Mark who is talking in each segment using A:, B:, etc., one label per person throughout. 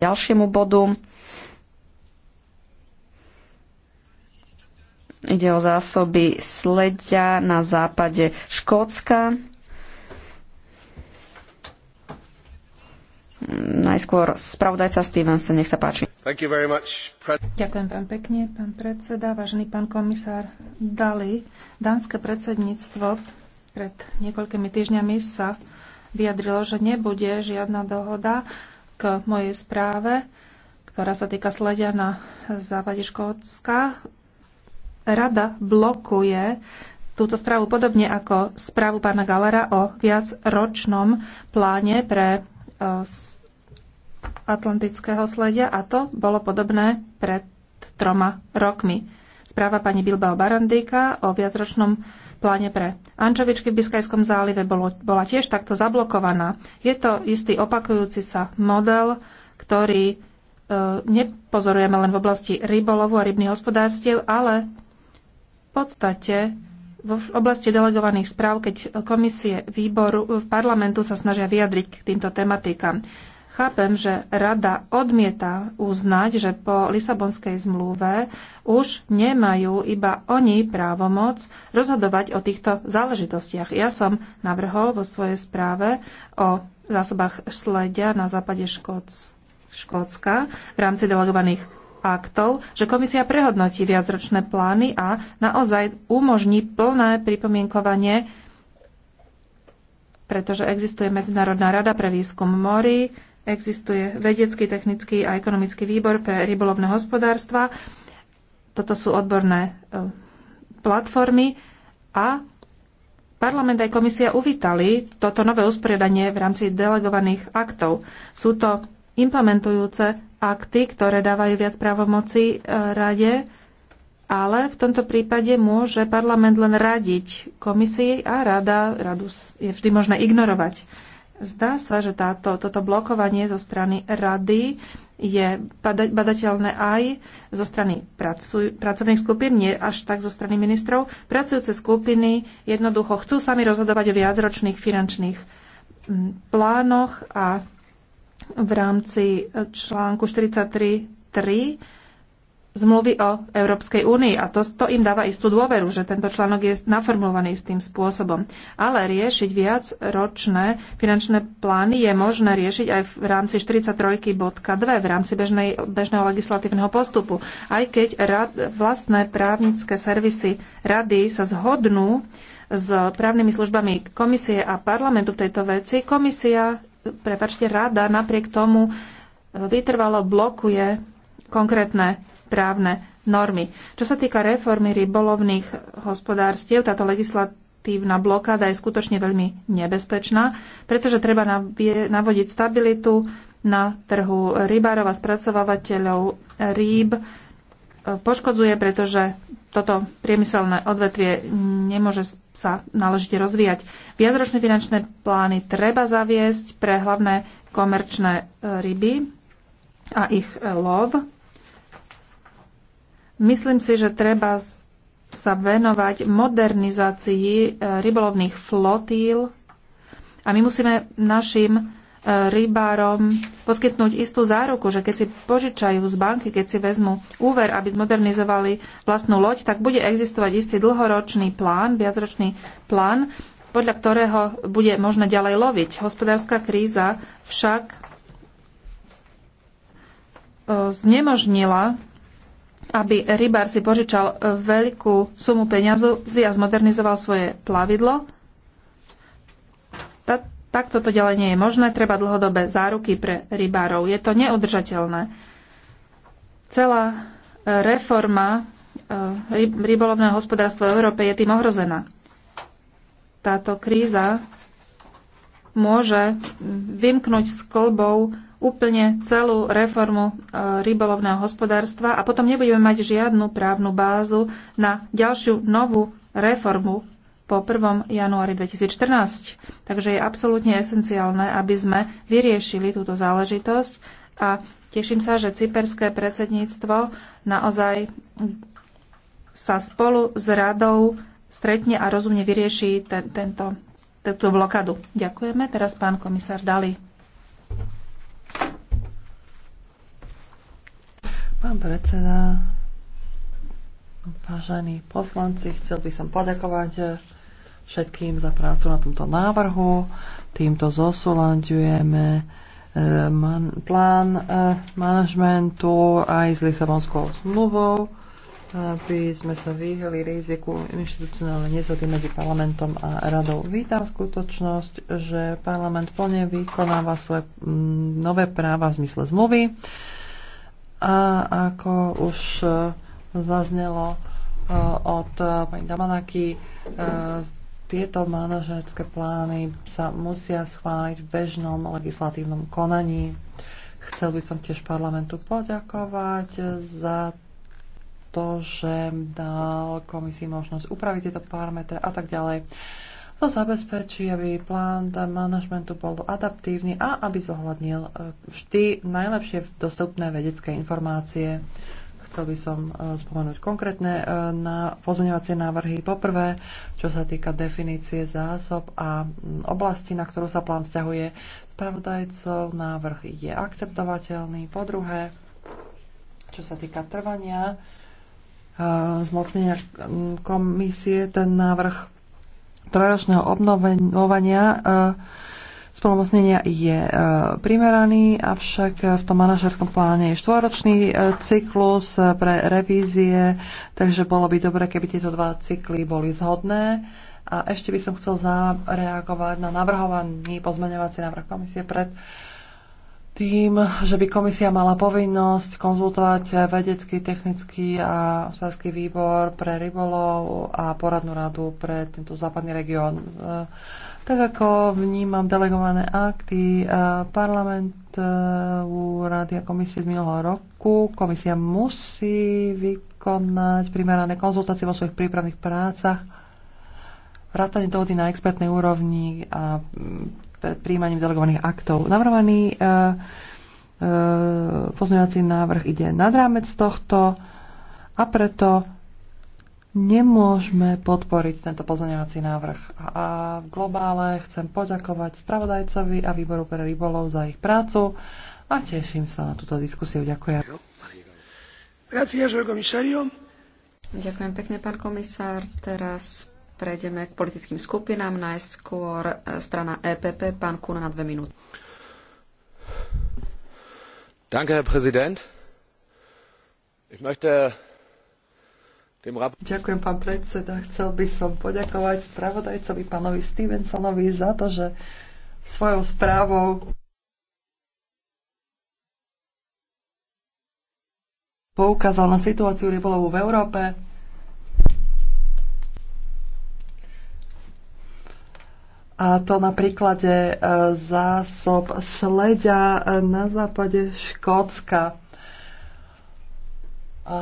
A: ďalšiemu bodu. Ide o zásoby sledia na západe Škótska. Najskôr spravodajca Stevenson, nech sa páči.
B: Much, Ďakujem pán pekne, pán predseda, vážený pán komisár Dali. Dánske predsedníctvo pred niekoľkými týždňami sa vyjadrilo, že nebude žiadna dohoda k mojej správe, ktorá sa týka sledia na západe Škótska. Rada blokuje túto správu podobne ako správu pána Galera o viacročnom pláne pre e, atlantického sledia a to bolo podobné pred troma rokmi. Správa pani Bilbao Barandyka o viacročnom pláne pláne pre ančovičky v Biskajskom zálive bolo, bola tiež takto zablokovaná. Je to istý opakujúci sa model, ktorý e, nepozorujeme len v oblasti rybolovu a rybných hospodárstiev, ale v podstate v oblasti delegovaných správ, keď komisie výboru parlamentu sa snažia vyjadriť k týmto tematikám. Chápem, že rada odmieta uznať, že po Lisabonskej zmluve už nemajú iba oni právomoc rozhodovať o týchto záležitostiach. Ja som navrhol vo svojej správe o zásobách sledia na západe Škóc- Škótska v rámci delegovaných aktov, že komisia prehodnotí viacročné plány a naozaj umožní plné pripomienkovanie pretože existuje Medzinárodná rada pre výskum morí, Existuje vedecký, technický a ekonomický výbor pre rybolovné hospodárstva. Toto sú odborné e, platformy a Parlament aj komisia uvítali toto nové usporiadanie v rámci delegovaných aktov. Sú to implementujúce akty, ktoré dávajú viac právomoci e, rade, ale v tomto prípade môže parlament len radiť komisii a rada, radu je vždy možné ignorovať. Zdá sa, že táto, toto blokovanie zo strany rady je badateľné aj zo strany pracuj, pracovných skupín, nie až tak zo strany ministrov. Pracujúce skupiny jednoducho chcú sami rozhodovať o viacročných finančných plánoch a v rámci e, článku 43.3 zmluvy o Európskej únii a to, to im dáva istú dôveru, že tento článok je naformulovaný s tým spôsobom. Ale riešiť viac ročné finančné plány je možné riešiť aj v rámci 43.2 v rámci bežnej, bežného legislatívneho postupu. Aj keď rad, vlastné právnické servisy rady sa zhodnú s právnymi službami komisie a parlamentu v tejto veci, komisia, prepačte, rada napriek tomu vytrvalo blokuje konkrétne právne normy. Čo sa týka reformy rybolovných hospodárstiev, táto legislatívna blokáda je skutočne veľmi nebezpečná, pretože treba navodiť stabilitu na trhu rybárov a spracovávateľov rýb. E, poškodzuje, pretože toto priemyselné odvetvie nemôže sa náležite rozvíjať. Viacročné finančné plány treba zaviesť pre hlavné komerčné e, ryby a ich e, lov Myslím si, že treba sa venovať modernizácii e, rybolovných flotíl a my musíme našim e, rybárom poskytnúť istú záruku, že keď si požičajú z banky, keď si vezmú úver, aby zmodernizovali vlastnú loď, tak bude existovať istý dlhoročný plán, viacročný plán, podľa ktorého bude možné ďalej loviť. Hospodárska kríza však e, znemožnila aby rybár si požičal e, veľkú sumu peňazí a zmodernizoval svoje plavidlo. Tá, takto to ďalej nie je možné, treba dlhodobé záruky pre rybárov. Je to neudržateľné. Celá e, reforma e, rybolovného hospodárstva v Európe je tým ohrozená. Táto kríza môže vymknúť s klbou úplne celú reformu e, rybolovného hospodárstva a potom nebudeme mať žiadnu právnu bázu na ďalšiu novú reformu po 1. januári 2014. Takže je absolútne esenciálne, aby sme vyriešili túto záležitosť a teším sa, že cyperské predsedníctvo naozaj sa spolu s radou stretne a rozumne vyrieši ten, tento, túto blokadu. Ďakujeme. Teraz pán komisár Dali.
C: Pán predseda, vážení poslanci, chcel by som poďakovať všetkým za prácu na tomto návrhu. Týmto zosúľadujeme eh, man, plán eh, manažmentu aj s Lisabonskou zmluvou, aby sme sa vyhli riziku inštitucionálnej nezhody medzi parlamentom a radou. Vítam skutočnosť, že parlament plne vykonáva svoje mm, nové práva v zmysle zmluvy a ako už e, zaznelo e, od e, pani Damanaky, tieto manažerské plány sa musia schváliť v bežnom legislatívnom konaní. Chcel by som tiež parlamentu poďakovať za to, že dal komisii možnosť upraviť tieto parametre a tak ďalej to zabezpečí, aby plán manažmentu bol adaptívny a aby zohľadnil e, vždy najlepšie dostupné vedecké informácie. Chcel by som e, spomenúť konkrétne e, na pozmeňovacie návrhy. Poprvé, čo sa týka definície zásob a oblasti, na ktorú sa plán vzťahuje, spravodajcov návrh je akceptovateľný. Po druhé, čo sa týka trvania, zmocnenia komisie, ten návrh trojročného obnovovania eh, spolomocnenia je eh, primeraný, avšak v tom manažerskom pláne je štvoročný eh, cyklus pre revízie, takže bolo by dobre, keby tieto dva cykly boli zhodné. A ešte by som chcel zareagovať na navrhovaný pozmeňovací návrh komisie pred uh, tým, že by komisia mala povinnosť konzultovať vedecký, technický a hospodársky výbor pre rybolov a poradnú radu pre tento západný región. Tak ako vnímam delegované akty eh, parlamentu, eh, rady a komisie z minulého roku, komisia musí vykonať primerané konzultácie vo svojich prípravných prácach vrátanie dohody na expertnej úrovni a mm, pred príjmaním delegovaných aktov. Navrhovaný e, e, pozmeňovací návrh ide nad rámec tohto a preto nemôžeme podporiť tento pozmeňovací návrh. A v globále chcem poďakovať spravodajcovi a výboru pre rybolov za ich prácu a teším sa na túto diskusiu. Ďakujem.
A: Ďakujem pekne, pán komisár. Teraz Prejdeme k politickým skupinám. Najskôr e, strana EPP. Pán Kuna na dve minúty.
C: Danke, Herr Präsident. Ich möchte Ďakujem, pán predseda. Chcel by som poďakovať spravodajcovi pánovi Stevensonovi za to, že svojou správou poukázal na situáciu rybolovu v Európe A to na príklade e, zásob sledia e, na západe Škótska. A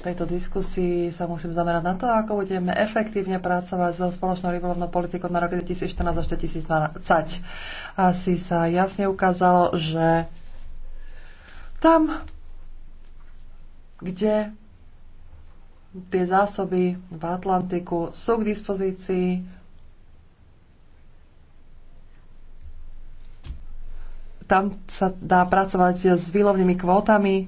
C: v tejto diskusii sa musím zamerať na to, ako budeme efektívne pracovať so spoločnou rybolovnou politikou na roky 2014 až 2020. Asi sa jasne ukázalo, že tam, kde tie zásoby v Atlantiku sú k dispozícii, tam sa dá pracovať s výlovnými kvótami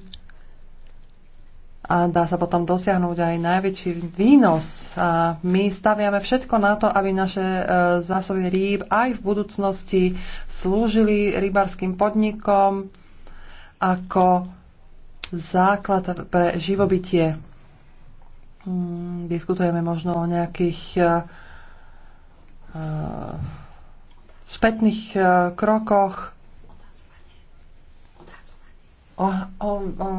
C: a dá sa potom dosiahnuť aj najväčší výnos. A my staviame všetko na to, aby naše e, zásoby rýb aj v budúcnosti slúžili rybarským podnikom ako základ pre živobytie. Mm, diskutujeme možno o nejakých e, e, spätných krokoch, o, o, o,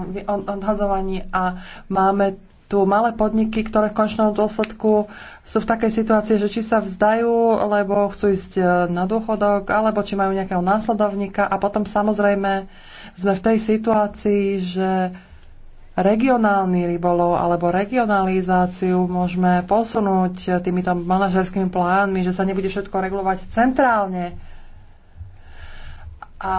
C: o odhadzovaní a máme tu malé podniky, ktoré v končnom dôsledku sú v takej situácii, že či sa vzdajú, lebo chcú ísť e, na dôchodok, alebo či majú nejakého následovníka. A potom samozrejme sme v tej situácii, že regionálny rybolov alebo regionalizáciu môžeme posunúť e, týmito manažerskými plánmi, že sa nebude všetko regulovať centrálne, a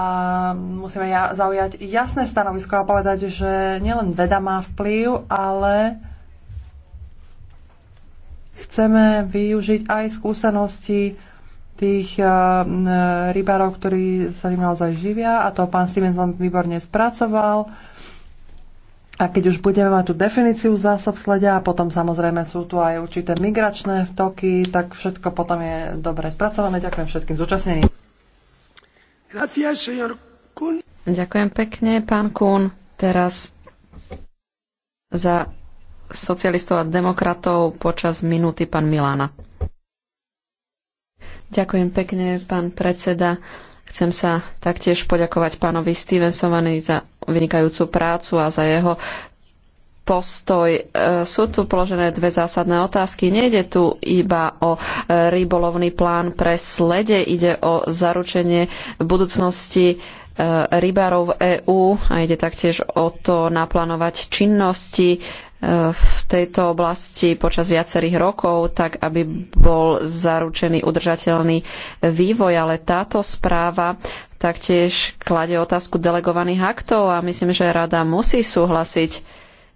C: musíme ja, zaujať jasné stanovisko a povedať, že nielen veda má vplyv, ale chceme využiť aj skúsenosti tých uh, rybárov, ktorí sa tým naozaj živia a to pán Stevenson výborne spracoval. A keď už budeme mať tú definíciu zásob sledia a potom samozrejme sú tu aj určité migračné toky, tak všetko potom je dobre spracované. Ďakujem všetkým zúčastneným. Ďakujem pekne, pán
A: Kuhn. Teraz za socialistov a demokratov počas minúty pán Milána. Ďakujem pekne, pán predseda. Chcem sa taktiež poďakovať pánovi Stevensovani za vynikajúcu prácu a za jeho postoj. E, sú tu položené dve zásadné otázky. Nejde tu iba o e, rybolovný plán pre slede, ide o zaručenie budúcnosti e, rybárov v EÚ a ide taktiež o to naplánovať činnosti v tejto oblasti počas viacerých rokov, tak aby bol zaručený udržateľný vývoj, ale táto správa taktiež klade otázku delegovaných aktov a myslím, že rada musí súhlasiť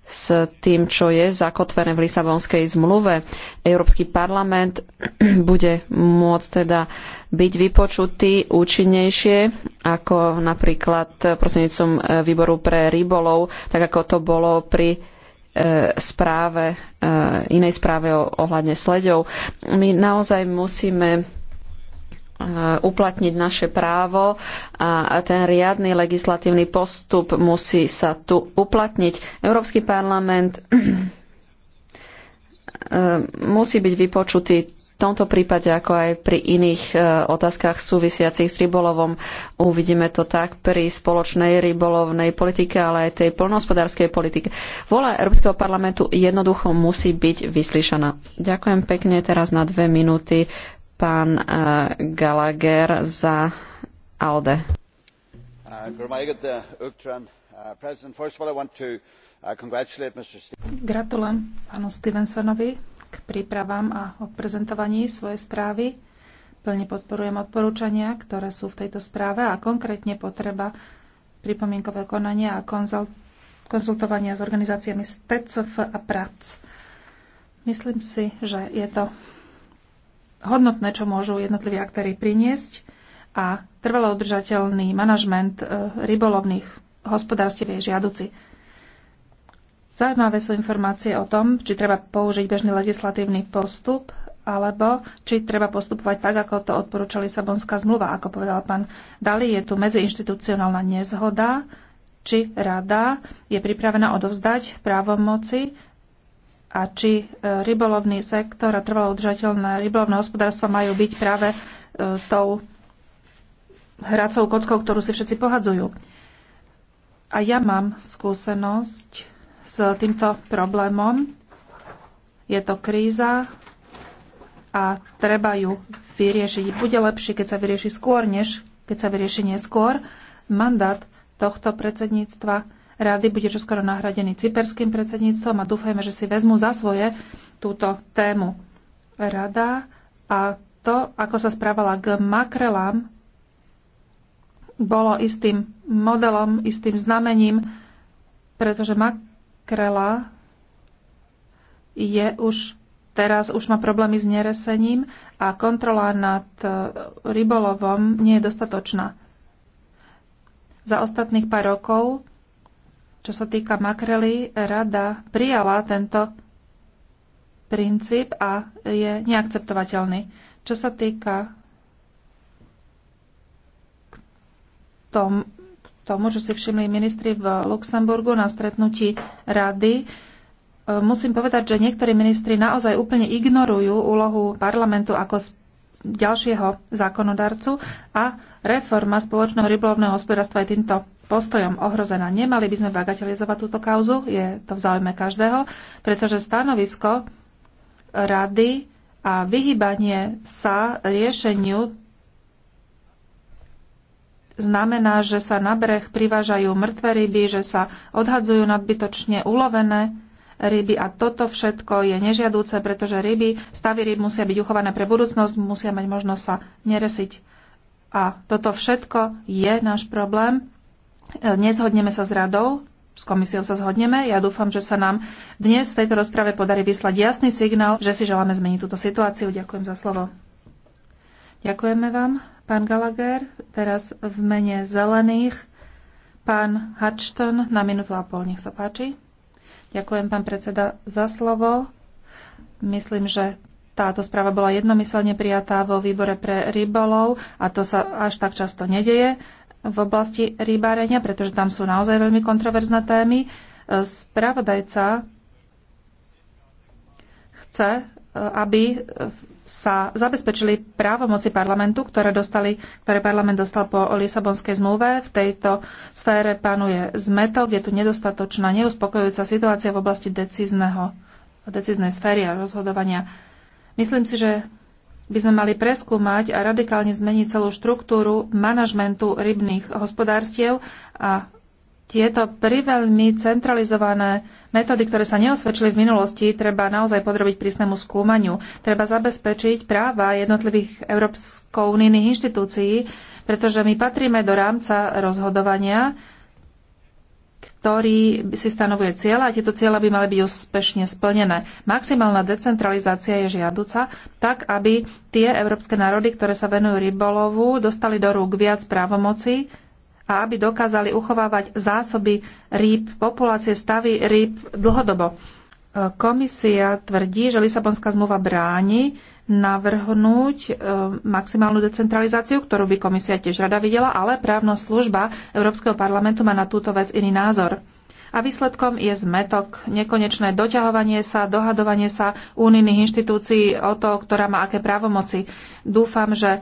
A: s tým, čo je zakotvené v Lisabonskej zmluve. Európsky parlament bude môcť teda byť vypočutý účinnejšie ako napríklad prostrednícom e, výboru pre rybolov, tak ako to bolo pri e, správe, e, inej správe ohľadne sledov. My naozaj musíme Eh, uplatniť naše právo a ten riadny legislatívny postup musí sa tu uplatniť. Európsky parlament eh, musí byť vypočutý v tomto prípade, ako aj pri iných eh, otázkach súvisiacich s rybolovom. Uvidíme to tak pri spoločnej rybolovnej politike, ale aj tej polnohospodárskej politike. Vola Európskeho parlamentu jednoducho musí byť vyslyšaná. Ďakujem pekne teraz na dve minúty pán eh, Gallagher za ALDE.
C: Uh, uh,
B: uh, Gratulujem pánu Stevensonovi k prípravám a odprezentovaní svojej správy. Plne podporujem odporúčania, ktoré sú v tejto správe a konkrétne potreba pripomienkové konania a konzultovania s organizáciami STECF a PRAC. Myslím si, že je to hodnotné, čo môžu jednotliví aktéry priniesť a trvalo udržateľný manažment e, rybolovných hospodárstiev je žiaduci. Zaujímavé sú informácie o tom, či treba použiť bežný legislatívny postup alebo či treba postupovať tak, ako to odporúča Lisabonská zmluva. Ako povedal pán Dali, je tu medziinštitucionálna nezhoda, či rada je pripravená odovzdať právomoci a či e, rybolovný sektor a trvalo udržateľné rybolovné hospodárstva majú byť práve e, tou hracou kockou, ktorú si všetci pohadzujú. A ja mám skúsenosť s týmto problémom. Je to kríza a treba ju vyriešiť. Bude lepšie, keď sa vyrieši skôr, než keď sa vyrieši neskôr. Mandát tohto predsedníctva rady bude čoskoro nahradený cyperským predsedníctvom a dúfajme, že si vezmu za svoje túto tému rada a to, ako sa správala k makrelám, bolo istým modelom, istým znamením, pretože makrela je už teraz už má problémy s neresením a kontrola nad e, rybolovom nie je dostatočná. Za ostatných pár rokov čo sa týka makrely, rada prijala tento princíp a je neakceptovateľný. Čo sa týka tomu, čo si všimli ministri v Luxemburgu na stretnutí rady, e, musím povedať, že niektorí ministri naozaj úplne ignorujú úlohu parlamentu ako ďalšieho zákonodarcu a reforma spoločného rybolovného hospodárstva je týmto postojom ohrozená. Nemali by sme bagatelizovať túto kauzu, je to v záujme každého, pretože stanovisko rady a vyhýbanie sa riešeniu znamená, že sa na breh privážajú mŕtve ryby, že sa odhadzujú nadbytočne ulovené ryby a toto všetko je nežiadúce, pretože ryby, stavy ryb musia byť uchované pre budúcnosť, musia mať možnosť sa neresiť. A toto všetko je náš problém. E, nezhodneme sa s radou, s komisiou sa zhodneme. Ja dúfam, že sa nám dnes v tejto rozprave podarí vyslať jasný signál, že si želáme zmeniť túto situáciu. Ďakujem za slovo. Ďakujeme vám, pán Gallagher. Teraz v mene zelených pán Hudson na minútu a pol. Nech sa páči. Ďakujem, pán predseda, za slovo. Myslím, že táto správa bola jednomyselne prijatá vo výbore pre rybolov a to sa až tak často nedeje v oblasti rybárenia, pretože tam sú naozaj veľmi kontroverzné témy. Spravodajca chce, aby sa zabezpečili právomoci parlamentu, ktoré, dostali, ktoré parlament dostal po Lisabonskej zmluve. V tejto sfére panuje zmetok, je tu nedostatočná, neuspokojujúca situácia v oblasti decíznej sféry a rozhodovania. Myslím si, že by sme mali preskúmať a radikálne zmeniť celú štruktúru manažmentu rybných hospodárstiev a tieto priveľmi centralizované metódy, ktoré sa neosvedčili v minulosti, treba naozaj podrobiť prísnemu skúmaniu. Treba zabezpečiť práva jednotlivých európsko-unijných inštitúcií, pretože my patríme do rámca rozhodovania, ktorý si stanovuje cieľa a tieto cieľa by mali byť úspešne splnené. Maximálna decentralizácia je žiaduca, tak aby tie európske národy, ktoré sa venujú rybolovu, dostali do rúk viac právomocí a aby dokázali uchovávať zásoby rýb, populácie stavy rýb dlhodobo. E, komisia tvrdí, že Lisabonská zmluva bráni navrhnúť e, maximálnu decentralizáciu, ktorú by komisia tiež rada videla, ale právna služba Európskeho parlamentu má na túto vec iný názor. A výsledkom je zmetok, nekonečné doťahovanie sa, dohadovanie sa únijných inštitúcií o to, ktorá má aké právomoci. Dúfam, že e,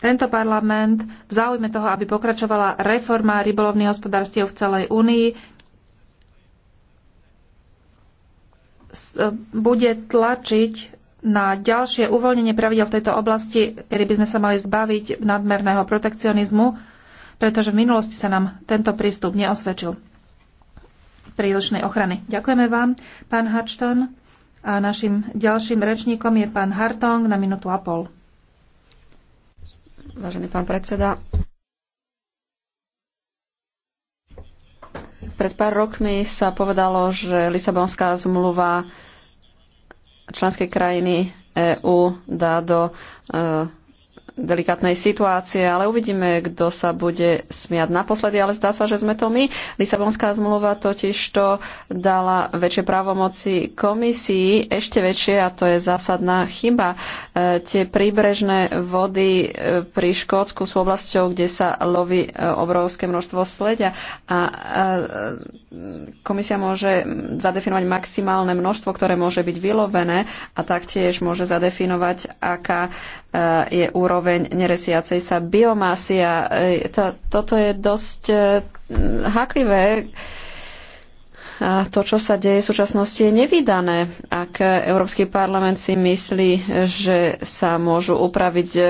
B: tento parlament v záujme toho, aby pokračovala reforma rybolovných hospodárstiev v celej únii, e, bude tlačiť na ďalšie uvoľnenie pravidel v tejto oblasti, kedy by sme sa mali zbaviť nadmerného protekcionizmu, pretože v minulosti sa nám tento prístup neosvedčil prílišnej ochrany. Ďakujeme vám, pán Hačton. A našim ďalším rečníkom je pán Hartong na minútu a pol
A: vážený pán predseda. Pred pár rokmi sa povedalo, že Lisabonská zmluva členské krajiny EÚ dá do e, delikátnej situácie, ale uvidíme, kto sa bude smiať naposledy, ale zdá sa, že sme to my. Lisabonská zmluva totiž to dala väčšie právomoci komisii, ešte väčšie a to je zásadná chyba. E, tie príbrežné vody e, pri Škótsku sú oblasťou, kde sa loví e, obrovské množstvo sledia a e, komisia môže zadefinovať maximálne množstvo, ktoré môže byť vylovené a taktiež môže zadefinovať, aká e, je úroveň úroveň neresiacej sa biomasy a e, toto je dosť e, haklivé to, čo sa deje v súčasnosti, je nevydané. Ak Európsky parlament si myslí, že sa môžu upraviť e,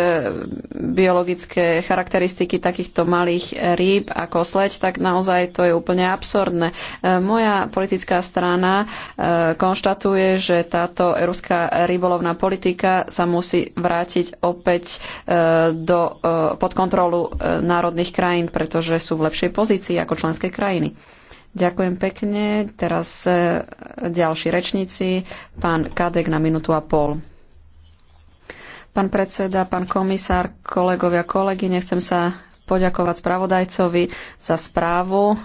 A: biologické charakteristiky takýchto malých rýb ako sleď, tak naozaj to je úplne absurdné. E, moja politická strana e, konštatuje, že táto európska rybolovná politika sa musí vrátiť opäť do, pod kontrolu národných krajín, pretože sú v lepšej pozícii ako členské krajiny. Ďakujem pekne. Teraz e, ďalší rečníci. Pán Kadek na minútu a pol. Pán predseda, pán komisár, kolegovia, kolegy, nechcem sa poďakovať spravodajcovi za správu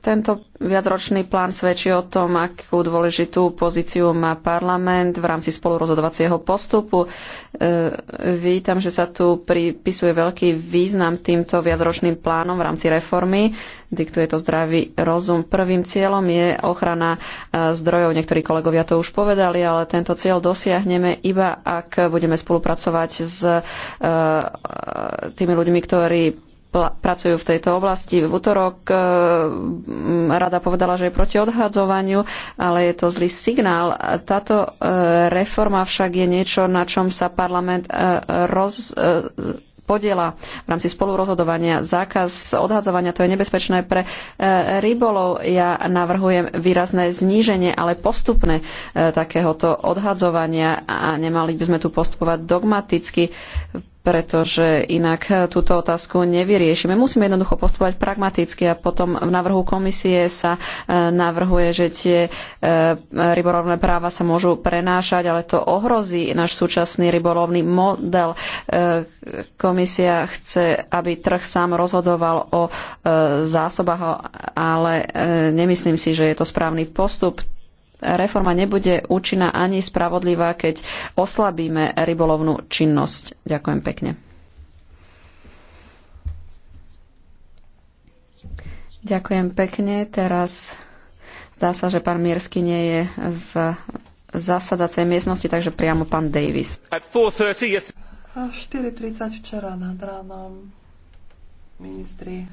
A: tento viacročný plán svedčí o tom, akú dôležitú pozíciu má parlament v rámci spolurozhodovacieho postupu. E, vítam, že sa tu pripisuje veľký význam týmto viacročným plánom v rámci reformy. Diktuje to zdravý rozum. Prvým cieľom je ochrana e, zdrojov. Niektorí kolegovia to už povedali, ale tento cieľ dosiahneme iba, ak budeme spolupracovať s e, e tými ľuďmi, ktorí pracujú v tejto oblasti. V útorok e, rada povedala, že je proti odhadzovaniu, ale je to zlý signál. Táto e, reforma však je niečo, na čom sa parlament e, roz, podiela v rámci spolurozhodovania. Zákaz odhadzovania to je nebezpečné pre e, rybolov. Ja navrhujem výrazné zníženie, ale postupné e, takéhoto odhadzovania a nemali by sme tu postupovať dogmaticky pretože inak eh, túto otázku nevyriešime. Musíme jednoducho postupovať pragmaticky a potom v návrhu komisie sa eh, navrhuje, že tie eh, rybolovné práva sa môžu prenášať, ale to ohrozí náš súčasný rybolovný model. Komisia chce, aby trh sám rozhodoval o zásobách, ale nemyslím si, že je to správny postup reforma nebude účinná ani spravodlivá, keď oslabíme rybolovnú činnosť. Ďakujem pekne. Ďakujem pekne. Teraz zdá sa, že pán Miersky nie je v zasadacej miestnosti, takže priamo pán Davis.
C: 4.30 včera nad ránom ministri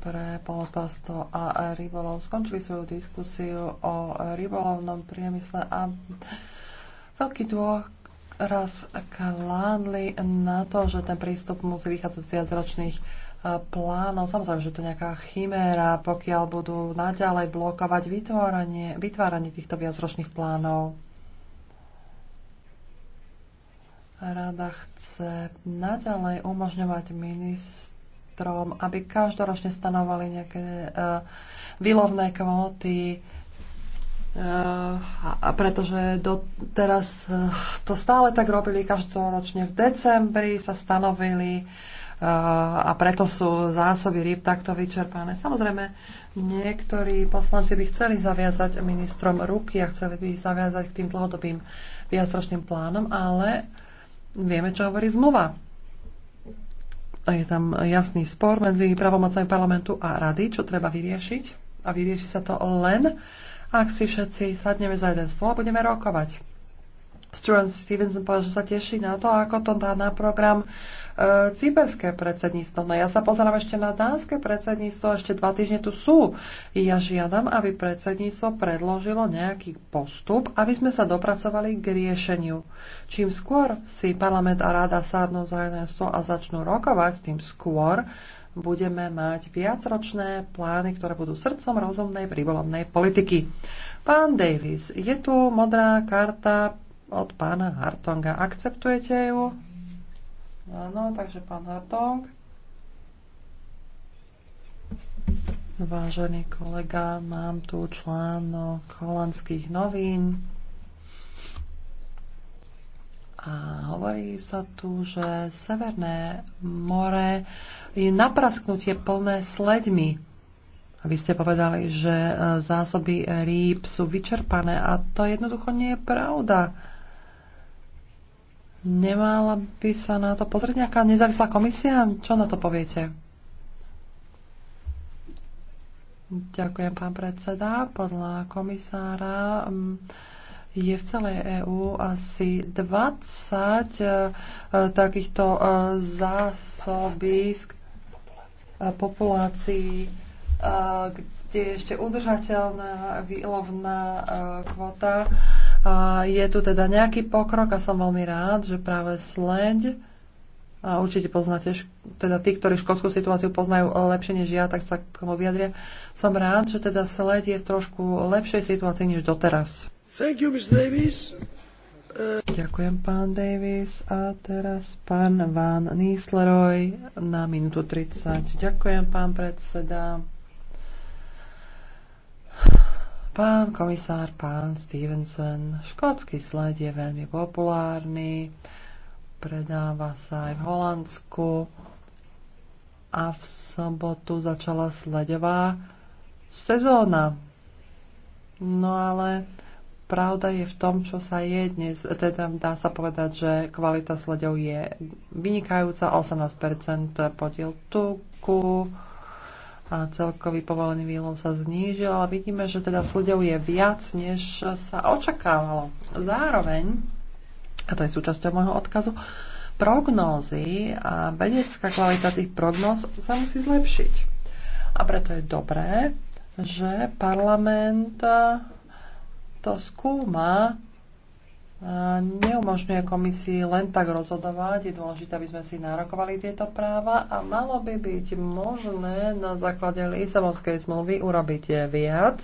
C: pre polnospodárstvo a rybolov skončili svoju diskusiu o rybolovnom priemysle a veľký dôraz klánli na to, že ten prístup musí vychádzať z viacročných e, plánov. Samozrejme, že to je nejaká chiméra, pokiaľ budú naďalej blokovať vytváranie, vytváranie týchto viacročných plánov. Rada chce naďalej umožňovať ministr sektorom, aby každoročne stanovali nejaké uh, výlovné kvóty, Uh, a pretože teraz uh, to stále tak robili každoročne v decembri sa stanovili a preto sú zásoby rýb takto vyčerpané. Samozrejme, niektorí poslanci by chceli zaviazať ministrom ruky a chceli by ich zaviazať k tým dlhodobým viacročným plánom, ale vieme, čo hovorí zmluva. A je tam jasný spor medzi pravomocami parlamentu a rady, čo treba vyriešiť. A vyrieši sa to len, ak si všetci sadneme za jeden stôl a budeme rokovať. Stuart Stevenson povedal, že sa teší na to, ako to dá na program e, cyberské predsedníctvo. No ja sa pozerám ešte na dánske predsedníctvo, ešte dva týždne tu sú. Ja žiadam, aby predsedníctvo predložilo nejaký postup, aby sme sa dopracovali k riešeniu. Čím skôr si parlament a rada sádnu za jeden stôl a začnú rokovať, tým skôr budeme mať viacročné plány, ktoré budú srdcom rozumnej príbolovnej politiky. Pán Davis, je tu modrá karta od pána Hartonga. Akceptujete ju? Áno, takže pán Hartong. Vážený kolega, mám tu článok holandských novín a hovorí sa tu, že Severné more je naprasknutie plné sleďmi. A vy ste povedali, že e, zásoby rýb sú vyčerpané a to jednoducho nie je pravda. Nemala by sa na to pozrieť nejaká nezávislá komisia? Čo na to poviete? Ďakujem, pán predseda. Podľa komisára mm, je v celej EÚ asi 20 e, takýchto e, zásobisk e, populácií, kde je ešte udržateľná výlovná kvota je tu teda nejaký pokrok a som veľmi rád, že práve sleď a určite poznáte, teda tí, ktorí školskú situáciu poznajú lepšie než ja, tak sa k tomu vyjadria. Som rád, že teda SLED je v trošku lepšej situácii než doteraz. Thank you, Ms. Davis. Uh... Ďakujem, pán Davis. A teraz pán Van Nisleroy na minútu 30. Ďakujem, pán predseda. Pán komisár, pán Stevenson, škótsky sled je veľmi populárny, predáva sa aj v Holandsku a v sobotu začala sledová sezóna. No ale pravda je v tom, čo sa je dnes. Teda dá sa povedať, že kvalita sledov je vynikajúca, 18% podiel tuku, a celkový povolený výlov sa znížil, ale vidíme, že teda sldev je viac, než sa očakávalo. Zároveň, a to je súčasťou môjho odkazu, prognózy a vedecká kvalita tých prognóz sa musí zlepšiť. A preto je dobré, že parlament to skúma neumožňuje komisii len tak rozhodovať. Je dôležité, aby sme si nárokovali tieto práva a malo by byť možné na základe Lisabonskej zmluvy urobiť viac.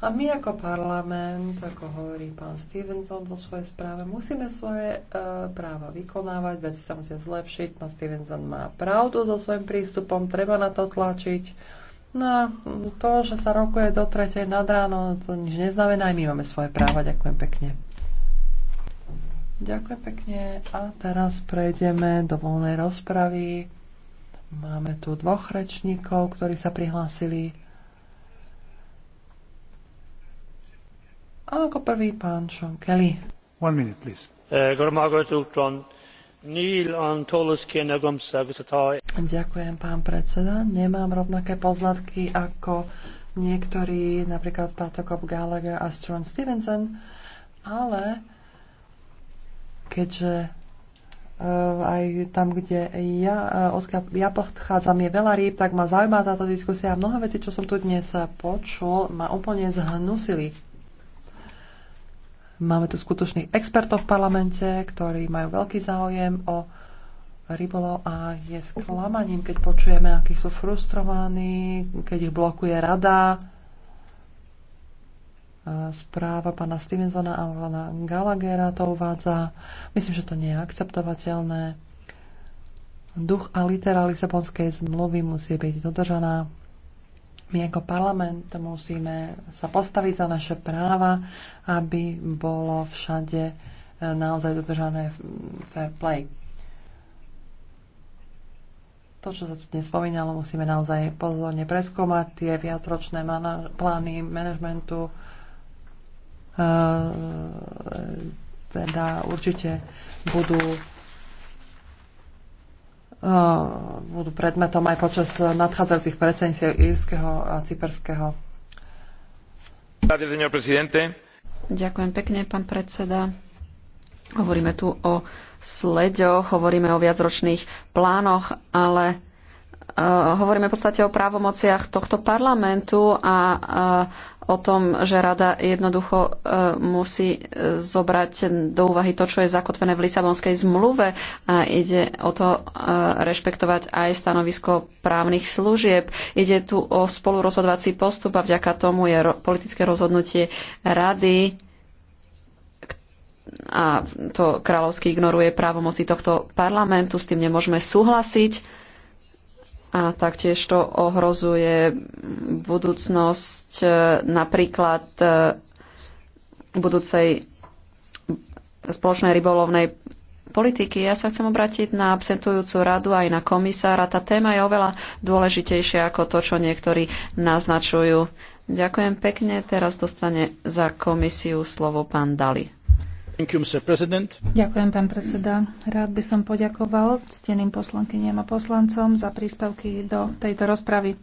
C: A my ako parlament, ako hovorí pán Stevenson vo svojej správe, musíme svoje e, práva vykonávať, veci sa musia zlepšiť. Pán Stevenson má pravdu so svojím prístupom, treba na to tlačiť. No a to, že sa rokuje do tretej nad ráno, to nič neznamená, my máme svoje práva. Ďakujem pekne. Ďakujem pekne a teraz prejdeme do voľnej rozpravy. Máme tu dvoch rečníkov, ktorí sa prihlásili. A ako prvý pán Sean Kelly. One minute, please. Eh, eh, Ďakujem, pán predseda. Nemám rovnaké poznatky ako niektorí, napríklad Pato Gallagher a Stron Stevenson, ale keďže e, aj tam, kde ja, e, odkiaľ ja podchádzam, je veľa rýb, tak ma zaujíma táto diskusia a mnohé veci, čo som tu dnes e, počul, ma úplne zhnusili. Máme tu skutočných expertov v parlamente, ktorí majú veľký záujem o rybolov a je sklamaním, keď počujeme, akí sú frustrovaní, keď ich blokuje rada, správa pána Stevensona a pana Gallaghera to uvádza. Myslím, že to nie je akceptovateľné. Duch a litera Lisabonskej zmluvy musí byť dodržaná. My ako parlament musíme sa postaviť za naše práva, aby bolo všade e, naozaj dodržané fair play. To, čo sa tu dnes spomínalo, musíme naozaj pozorne preskúmať tie viacročné plány manažmentu Eh, teda určite budú eh, budú predmetom aj počas nadchádzajúcich predsedníctiev írskeho a cyperského. Ďakujem pekne, pán predseda. Hovoríme
A: tu o sleďoch, hovoríme o viacročných plánoch, ale hovoríme v podstate o právomociach tohto parlamentu a o tom, že rada jednoducho e, musí e, zobrať do úvahy to, čo je zakotvené v Lisabonskej zmluve a ide o to e, rešpektovať aj stanovisko právnych služieb. Ide tu o spolurozhodovací postup a vďaka tomu je politické rozhodnutie rady a to kráľovsky ignoruje právomoci tohto parlamentu, s tým nemôžeme súhlasiť a taktiež to ohrozuje budúcnosť e, napríklad e, budúcej spoločnej rybolovnej politiky. Ja sa chcem obrátiť na absentujúcu radu aj na komisára. Tá téma je oveľa dôležitejšia ako to, čo niektorí naznačujú. Ďakujem pekne. Teraz dostane za komisiu slovo pán Dali. Ďakujem,
B: pán predseda. Rád by som poďakoval cteným poslankyniam a poslancom za príspevky do tejto rozpravy.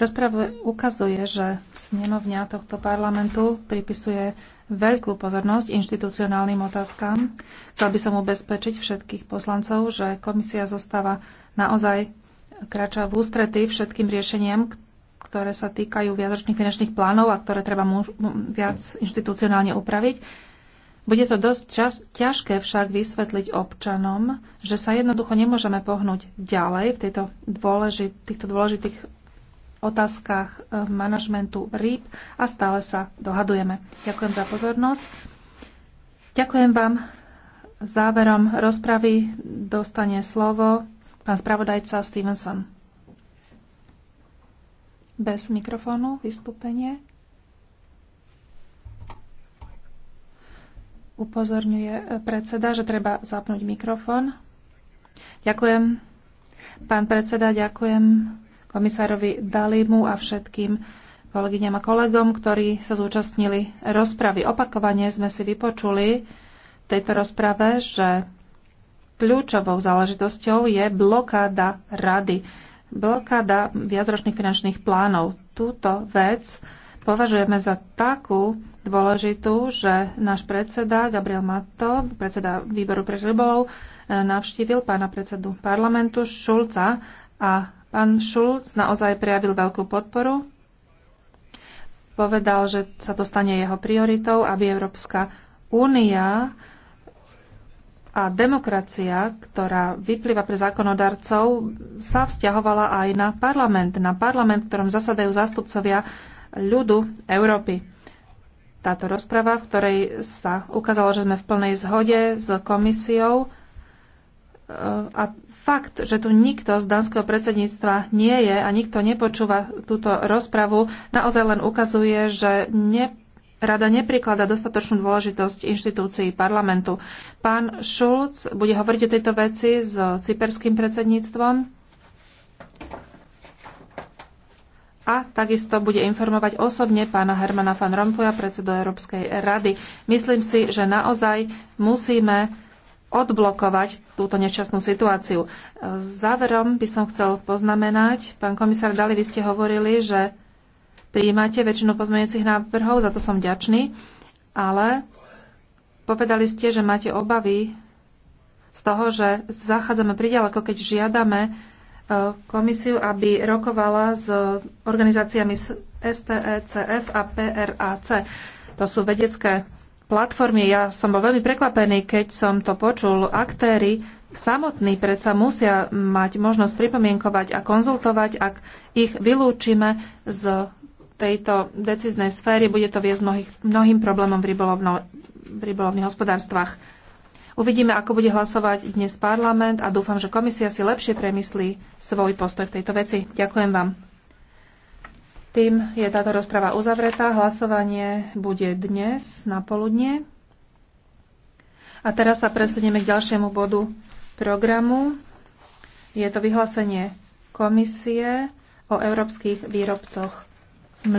B: Rozprava ukazuje, že snemovňa tohto parlamentu pripisuje veľkú pozornosť inštitucionálnym otázkam. Chcel by som ubezpečiť všetkých poslancov, že komisia zostáva naozaj krača v ústrety všetkým riešeniam, ktoré sa týkajú viacročných finančných plánov a ktoré treba viac inštitucionálne upraviť bude to dosť čas, ťažké však vysvetliť občanom, že sa jednoducho nemôžeme pohnúť ďalej v tejto dôleži, týchto dôležitých otázkach eh, manažmentu rýb a stále sa dohadujeme. Ďakujem za pozornosť. Ďakujem vám. Záverom rozpravy dostane slovo pán spravodajca Stevenson. Bez mikrofónu vystúpenie. Upozorňuje e, predseda, že treba zapnúť mikrofón. Ďakujem. Pán predseda, ďakujem komisárovi Dalimu a všetkým kolegyňam a kolegom, ktorí sa zúčastnili rozpravy. Opakovane sme si vypočuli v tejto rozprave, že kľúčovou záležitosťou je blokáda rady, blokáda viacročných finančných plánov. Túto vec považujeme za takú, dôležitú, že náš predseda Gabriel Mato, predseda výboru pre rybolov, e, navštívil pána predsedu parlamentu Šulca a pán Šulc naozaj prejavil veľkú podporu. Povedal, že sa to stane jeho prioritou, aby Európska únia a demokracia, ktorá vyplýva pre zákonodarcov, sa vzťahovala aj na parlament, na parlament, v ktorom zasadajú zástupcovia ľudu Európy táto rozprava, v ktorej sa ukázalo, že sme v plnej zhode s komisiou. E, a fakt, že tu nikto z danského predsedníctva nie je a nikto nepočúva túto rozpravu, naozaj len ukazuje, že ne, rada neprikladá dostatočnú dôležitosť inštitúcií parlamentu. Pán Šulc bude hovoriť o tejto veci s cyperským predsedníctvom a takisto bude informovať osobne pána Hermana van Rompuja, predsedu Európskej rady. Myslím si, že naozaj musíme odblokovať túto nešťastnú situáciu. Záverom by som chcel poznamenať, pán komisár Dali, vy ste hovorili, že prijímate väčšinu pozmeňujúcich návrhov, za to som ďačný, ale povedali ste, že máte obavy z toho, že zachádzame ako keď žiadame komisiu, aby rokovala s organizáciami STECF a PRAC. To sú vedecké platformy. Ja som bol veľmi prekvapený, keď som to počul. Aktéry samotní predsa musia mať možnosť pripomienkovať a konzultovať. Ak ich vylúčime z tejto decíznej sféry, bude to viesť mnohých, mnohým problémom v, rybolovno, v rybolovných hospodárstvách. Uvidíme, ako bude hlasovať dnes parlament a dúfam, že komisia si lepšie premyslí svoj postoj v tejto veci. Ďakujem vám. Tým je táto rozprava uzavretá. Hlasovanie bude dnes na poludne. A teraz sa presunieme k ďalšiemu bodu programu. Je to vyhlásenie komisie o európskych výrobcoch.